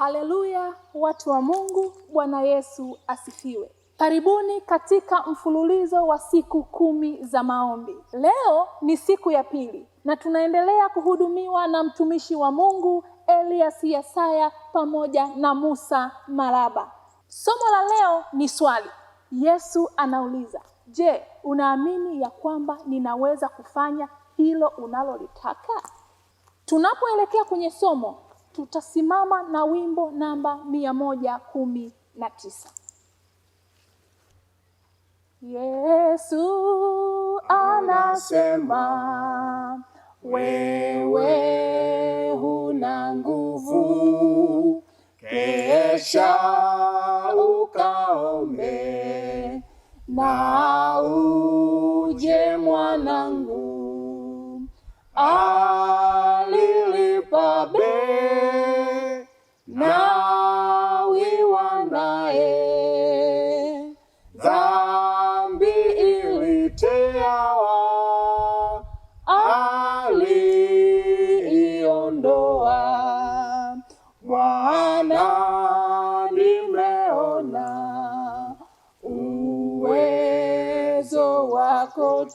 Haleluya, watu wa Mungu, Bwana Yesu asifiwe. Karibuni katika mfululizo wa siku kumi za maombi. Leo ni siku ya pili na tunaendelea kuhudumiwa na mtumishi wa Mungu Elias yasaya pamoja na Musa Maraba. Somo la leo ni swali. Yesu anauliza, "Je, unaamini ya kwamba ninaweza kufanya hilo unalolitaka?" Tunapoelekea kwenye somo tutasimama na wimbo namba mia moja kumi na tisa. Yesu anasema wewe huna nguvu, kesha ukaombe na uje mwanangu.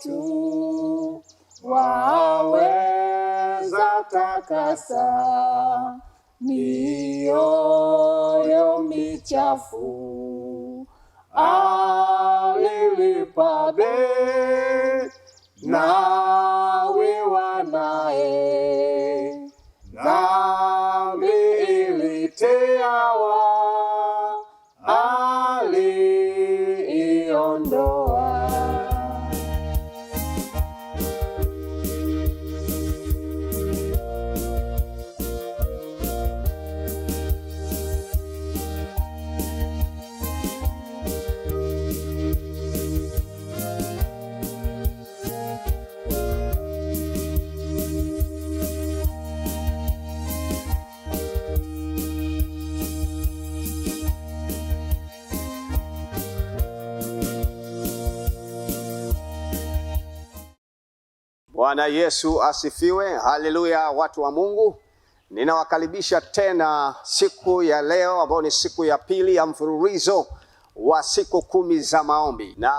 tu waweza takasa mioyo michafu, alilipa bei Bwana Yesu asifiwe, haleluya. Watu wa Mungu, ninawakaribisha tena siku ya leo ambayo ni siku ya pili ya mfululizo wa siku kumi za maombi, na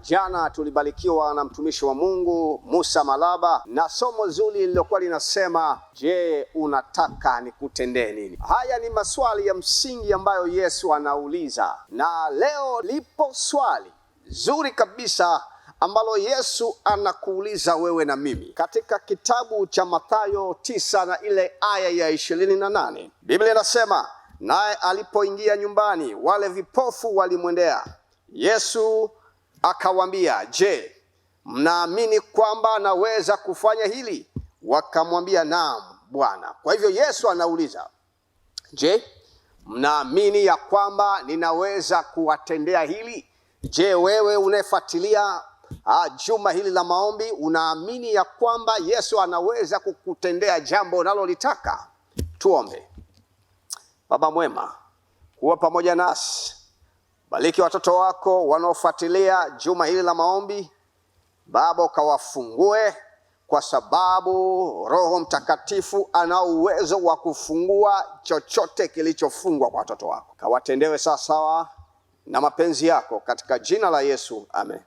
jana tulibarikiwa na mtumishi wa Mungu Musa Malaba na somo zuri lililokuwa linasema, je, unataka nikutendee nini? Haya ni maswali ya msingi ambayo Yesu anauliza, na leo lipo swali zuri kabisa ambalo Yesu anakuuliza wewe na mimi katika kitabu cha Mathayo tisa na ile aya ya ishirini na nane Biblia inasema, naye alipoingia nyumbani wale vipofu walimwendea Yesu akawambia, je, mnaamini kwamba naweza kufanya hili? Wakamwambia, naam Bwana. Kwa hivyo Yesu anauliza, je, mnaamini ya kwamba ninaweza kuwatendea hili? Je, wewe unayefuatilia ah, juma hili la maombi, unaamini ya kwamba Yesu anaweza kukutendea jambo unalolitaka? Tuombe. Baba mwema, kuwa pamoja nasi, bariki watoto wako wanaofuatilia juma hili la maombi. Baba, ukawafungue kwa sababu Roho Mtakatifu ana uwezo wa kufungua chochote kilichofungwa kwa watoto wako. Kawatendewe sawasawa na mapenzi yako, katika jina la Yesu, amen.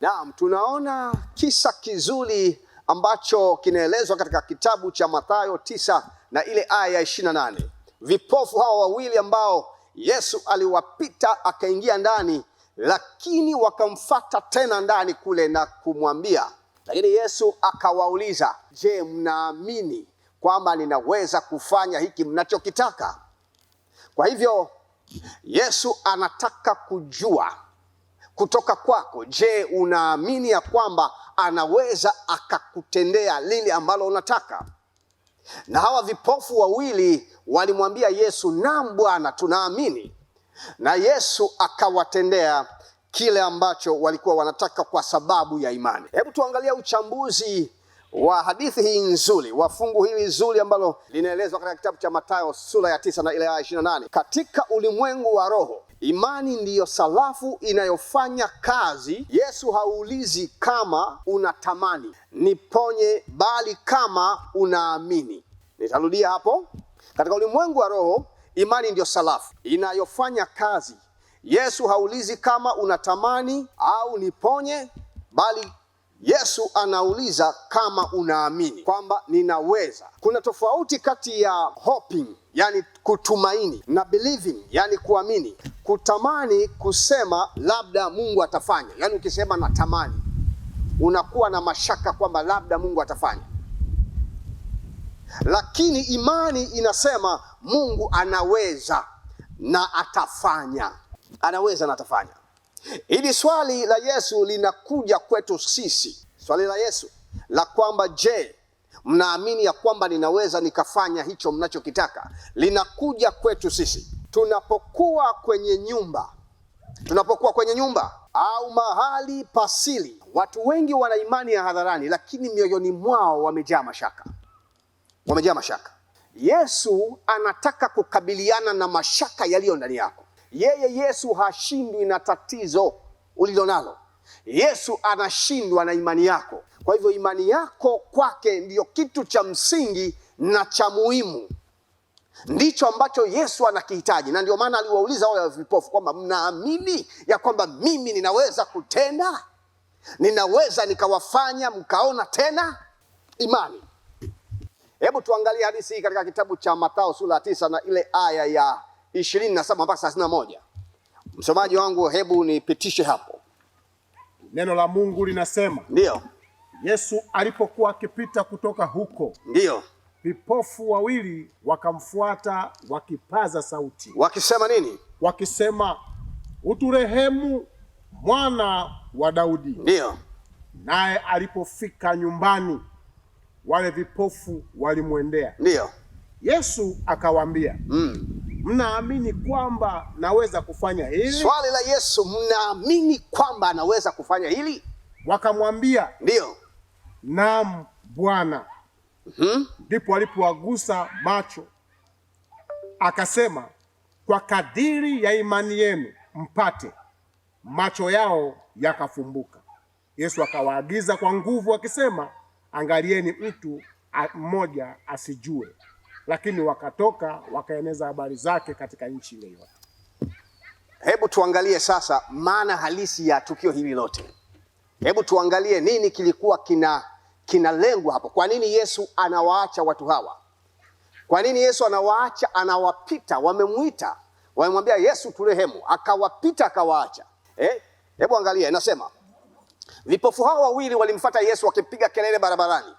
Naam, tunaona kisa kizuri ambacho kinaelezwa katika kitabu cha Mathayo tisa na ile aya ya ishirini na nane. Vipofu hawa wawili ambao Yesu aliwapita akaingia ndani, lakini wakamfata tena ndani kule na kumwambia, lakini Yesu akawauliza, je, mnaamini kwamba ninaweza kufanya hiki mnachokitaka? Kwa hivyo Yesu anataka kujua kutoka kwako. Je, unaamini ya kwamba anaweza akakutendea lile ambalo unataka? Na hawa vipofu wawili walimwambia Yesu, naam Bwana, tunaamini. Na Yesu akawatendea kile ambacho walikuwa wanataka kwa sababu ya imani. Hebu tuangalia uchambuzi wa hadithi hii nzuri wa fungu hili zuri ambalo linaelezwa katika kitabu cha Mathayo sura ya tisa na ile ya 28. Katika ulimwengu wa roho Imani ndiyo sarafu inayofanya kazi. Yesu haulizi kama unatamani niponye, bali kama unaamini. Nitarudia hapo. Katika ulimwengu wa roho, imani ndiyo sarafu inayofanya kazi. Yesu haulizi kama unatamani au niponye, bali Yesu anauliza kama unaamini kwamba ninaweza. Kuna tofauti kati ya hoping, yani kutumaini na believing, yani kuamini. Kutamani kusema labda Mungu atafanya, yani ukisema natamani, unakuwa na mashaka kwamba labda Mungu atafanya, lakini imani inasema Mungu anaweza na atafanya, anaweza na atafanya. Hili swali la Yesu linakuja kwetu sisi, swali la Yesu la kwamba je, mnaamini ya kwamba ninaweza nikafanya hicho mnachokitaka, linakuja kwetu sisi. Tunapokuwa kwenye nyumba, tunapokuwa kwenye nyumba au mahali pasili, watu wengi wana imani ya hadharani, lakini mioyoni mwao wamejaa mashaka, wamejaa mashaka. Yesu anataka kukabiliana na mashaka yaliyo ndani yako. Yeye Yesu hashindwi na tatizo ulilonalo. Yesu anashindwa na imani yako. Kwa hivyo imani yako kwake ndiyo kitu cha msingi na cha muhimu, ndicho ambacho Yesu anakihitaji, na ndio maana aliwauliza wale vipofu kwamba mnaamini ya kwamba mimi ninaweza kutenda, ninaweza nikawafanya mkaona tena? Imani. Hebu tuangalie hadithi hii katika kitabu cha Mathayo sura ya tisa na ile aya ya ishirini na saba mpaka thelathini na moja. Msomaji wangu, hebu nipitishe hapo. Neno la Mungu linasema ndio, Yesu alipokuwa akipita kutoka huko, ndio vipofu wawili wakamfuata wakipaza sauti wakisema nini? Wakisema, uturehemu mwana wa Daudi. Ndio. Naye alipofika nyumbani, wale vipofu walimwendea. Ndio. Yesu akawaambia, mm mnaamini kwamba naweza kufanya hili? Swali la Yesu, mnaamini kwamba anaweza kufanya hili? Wakamwambia ndio Naam Bwana. Mhm. Ndipo mm -hmm. alipowagusa macho akasema, kwa kadiri ya imani yenu mpate. Macho yao yakafumbuka. Yesu akawaagiza kwa nguvu akisema, angalieni mtu mmoja asijue lakini wakatoka wakaeneza habari zake katika nchi ile yote. Hebu tuangalie sasa maana halisi ya tukio hili lote. Hebu tuangalie nini kilikuwa kina kinalengwa hapo. Kwa nini Yesu anawaacha watu hawa? Kwa nini Yesu anawaacha, anawapita? Wamemwita, wamemwambia Yesu turehemu, akawapita akawaacha. Eh? Hebu angalia, inasema vipofu hao wawili walimfuata Yesu wakipiga kelele barabarani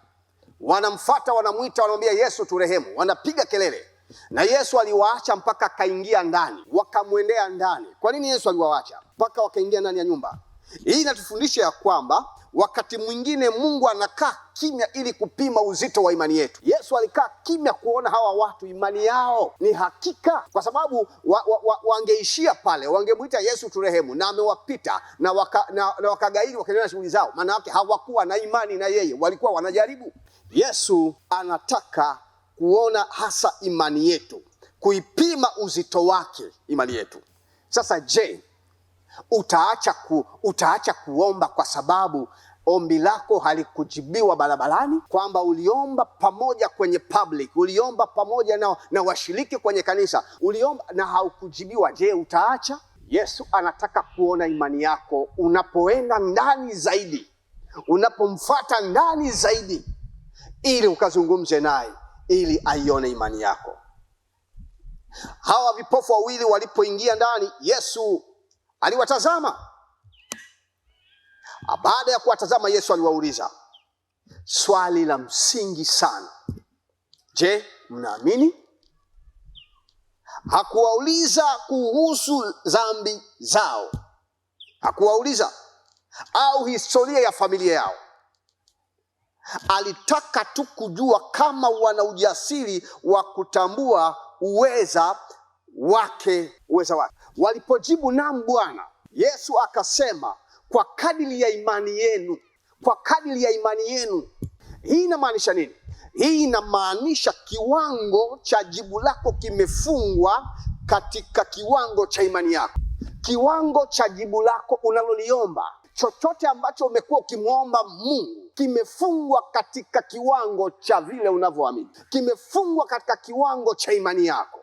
wanamfata, wanamwita, wanamwambia Yesu turehemu, wanapiga kelele na Yesu aliwaacha mpaka akaingia ndani, wakamwendea ndani. Kwa nini Yesu aliwaacha mpaka wakaingia ndani ya nyumba hii? Inatufundisha ya kwamba wakati mwingine Mungu anakaa kimya ili kupima uzito wa imani yetu. Yesu alikaa kimya kuona hawa watu imani yao ni hakika, kwa sababu wa, wa, wa, wangeishia pale, wangemwita Yesu turehemu, na amewapita na wakagairi, waka wakaendelea na shughuli zao. Maana yake hawakuwa na imani na yeye, walikuwa wanajaribu Yesu anataka kuona hasa imani yetu, kuipima uzito wake imani yetu. Sasa je, utaacha, ku, utaacha kuomba kwa sababu ombi lako halikujibiwa barabarani, kwamba uliomba pamoja kwenye public, uliomba pamoja na, na washiriki kwenye kanisa, uliomba na haukujibiwa? Je, utaacha? Yesu anataka kuona imani yako unapoenda ndani zaidi, unapomfuata ndani zaidi ili ukazungumze naye ili aione imani yako. Hawa vipofu wawili walipoingia ndani, Yesu aliwatazama. Ah, baada ya kuwatazama, Yesu aliwauliza swali la msingi sana, je, mnaamini? Hakuwauliza kuhusu dhambi zao, hakuwauliza au historia ya familia yao Alitaka tu kujua kama wana ujasiri wa kutambua uweza wake uweza wake. Walipojibu naam Bwana, Yesu akasema kwa kadiri ya imani yenu, kwa kadiri ya imani yenu. Hii inamaanisha nini? Hii inamaanisha kiwango cha jibu lako kimefungwa katika kiwango cha imani yako, kiwango cha jibu lako unaloliomba chochote ambacho umekuwa ukimwomba Mungu kimefungwa katika kiwango cha vile unavyoamini, kimefungwa katika kiwango cha imani yako.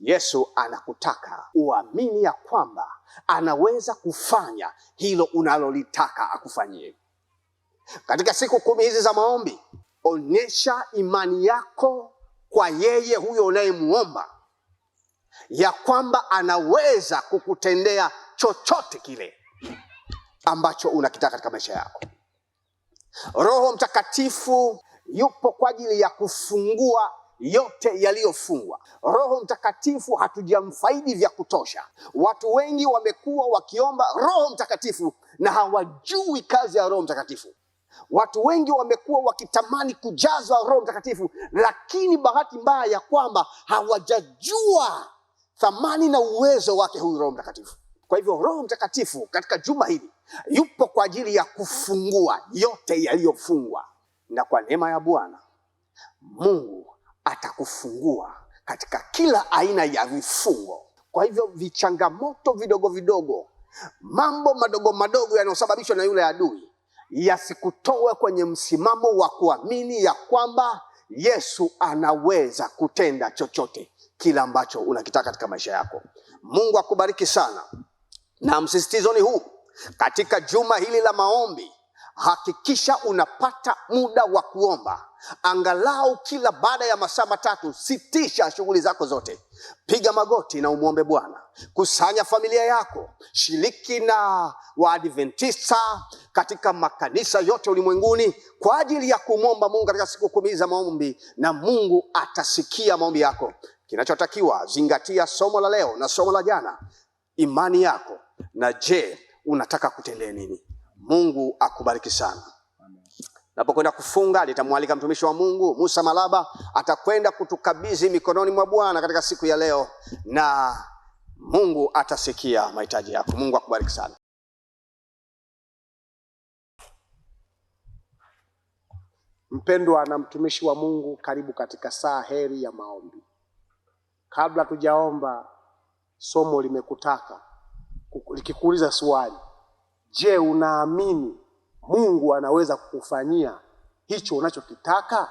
Yesu anakutaka uamini ya kwamba anaweza kufanya hilo unalolitaka akufanyie. Katika siku kumi hizi za maombi, onyesha imani yako kwa yeye huyo unayemwomba ya kwamba anaweza kukutendea chochote kile ambacho unakitaka katika maisha yako. Roho Mtakatifu yupo kwa ajili ya kufungua yote yaliyofungwa. Roho Mtakatifu hatujamfaidi vya kutosha. Watu wengi wamekuwa wakiomba Roho Mtakatifu na hawajui kazi ya Roho Mtakatifu. Watu wengi wamekuwa wakitamani kujazwa Roho Mtakatifu, lakini bahati mbaya ya kwamba hawajajua thamani na uwezo wake huyu Roho Mtakatifu. Kwa hivyo Roho Mtakatifu katika juma hili yupo kwa ajili ya kufungua yote yaliyofungwa, na kwa neema ya Bwana Mungu atakufungua katika kila aina ya vifungo. Kwa hivyo vichangamoto vidogo vidogo, mambo madogo madogo yanayosababishwa na yule adui yasikutoe kwenye msimamo wa kuamini ya kwamba Yesu anaweza kutenda chochote kile ambacho unakitaka katika maisha yako. Mungu akubariki sana na msisitizo ni huu: katika juma hili la maombi, hakikisha unapata muda wa kuomba angalau kila baada ya masaa matatu. Sitisha shughuli zako zote, piga magoti na umwombe Bwana. Kusanya familia yako, shiriki na Waadventista katika makanisa yote ulimwenguni kwa ajili ya kumwomba Mungu katika siku kumi za maombi, na Mungu atasikia maombi yako. Kinachotakiwa, zingatia somo la leo na somo la jana, imani yako na je, unataka kutendee nini? Mungu akubariki sana. Napokwenda kufunga, litamwalika mtumishi wa Mungu Musa Malaba, atakwenda kutukabidhi mikononi mwa Bwana katika siku ya leo, na Mungu atasikia mahitaji yako. Mungu akubariki sana. Mpendwa na mtumishi wa Mungu, karibu katika saa heri ya maombi. Kabla tujaomba, somo limekutaka likikuuliza swali, je, unaamini Mungu anaweza kukufanyia hicho unachokitaka?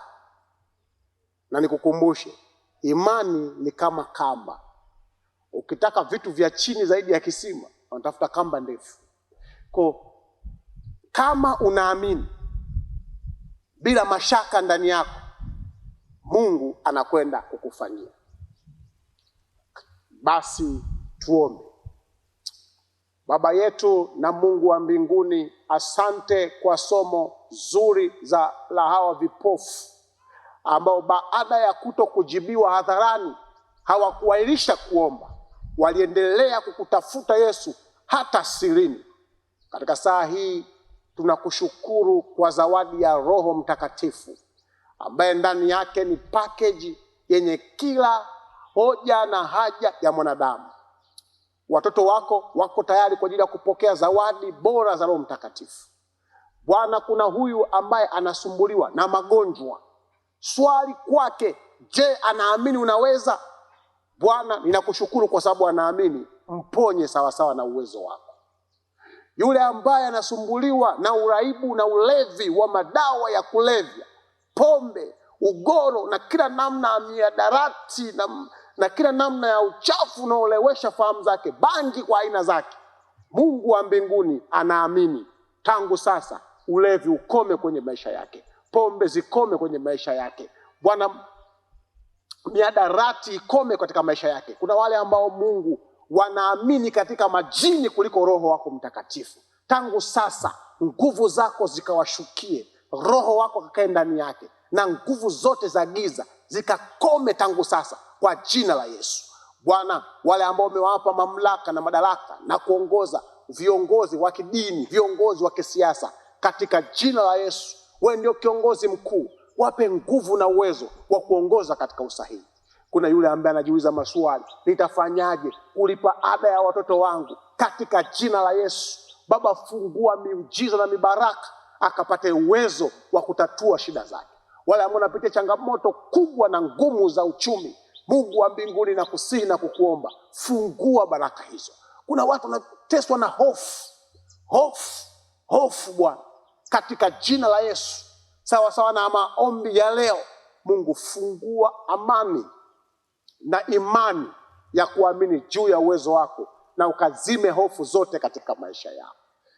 Na nikukumbushe, imani ni kama kamba. Ukitaka vitu vya chini zaidi ya kisima, unatafuta kamba ndefu. Kwa kama unaamini bila mashaka ndani yako, Mungu anakwenda kukufanyia. Basi tuombe. Baba yetu na Mungu wa mbinguni, asante kwa somo zuri za la hawa vipofu ambao baada ya kuto kujibiwa hadharani hawakuahirisha kuomba, waliendelea kukutafuta Yesu hata sirini. Katika saa hii tunakushukuru kwa zawadi ya Roho Mtakatifu ambaye ndani yake ni pakeji yenye kila hoja na haja ya mwanadamu. Watoto wako wako tayari kwa ajili ya kupokea zawadi bora za Roho Mtakatifu. Bwana, kuna huyu ambaye anasumbuliwa na magonjwa, swali kwake, je, anaamini unaweza? Bwana, ninakushukuru kwa sababu anaamini, mponye sawasawa na uwezo wako. Yule ambaye anasumbuliwa na uraibu na ulevi wa madawa ya kulevya, pombe, ugoro na kila namna ya miadarati na na kila namna ya uchafu unaolewesha fahamu zake, bangi kwa aina zake. Mungu wa mbinguni anaamini tangu sasa, ulevi ukome kwenye maisha yake, pombe zikome kwenye maisha yake, Bwana, miadarati ikome katika maisha yake. Kuna wale ambao Mungu wanaamini katika majini kuliko Roho wako Mtakatifu. Tangu sasa nguvu zako zikawashukie, Roho wako kakae ndani yake, na nguvu zote za giza zikakome tangu sasa kwa jina la Yesu. Bwana, wale ambao umewapa mamlaka na madaraka na kuongoza viongozi wa kidini, viongozi wa kisiasa, katika jina la Yesu, wewe ndio kiongozi mkuu, wape nguvu na uwezo wa kuongoza katika usahihi. Kuna yule ambaye anajiuliza maswali, nitafanyaje kulipa ada ya watoto wangu? Katika jina la Yesu, Baba, fungua miujiza na mibaraka, akapate uwezo wa kutatua shida zake wale ambao wanapitia changamoto kubwa na ngumu za uchumi, Mungu wa mbinguni na kusihi na kukuomba, fungua baraka hizo. Kuna watu wanateswa na hofu, hofu, hofu Bwana, katika jina la Yesu, sawa sawa na maombi ya leo. Mungu fungua amani na imani ya kuamini juu ya uwezo wako, na ukazime hofu zote katika maisha yao.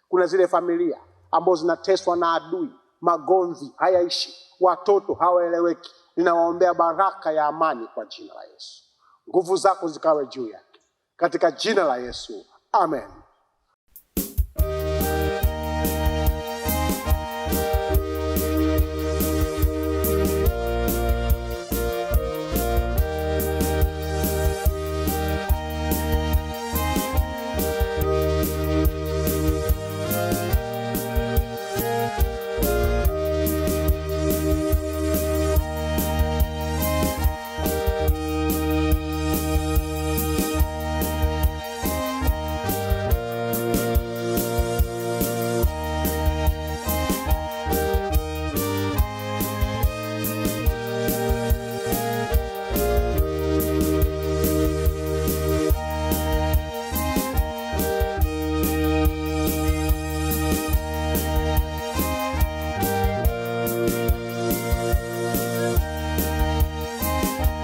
Kuna zile familia ambazo zinateswa na adui magomvi hayaishi, watoto hawaeleweki. Ninawaombea baraka ya amani kwa jina la Yesu. Nguvu zako zikawe juu yake katika jina la Yesu, amen.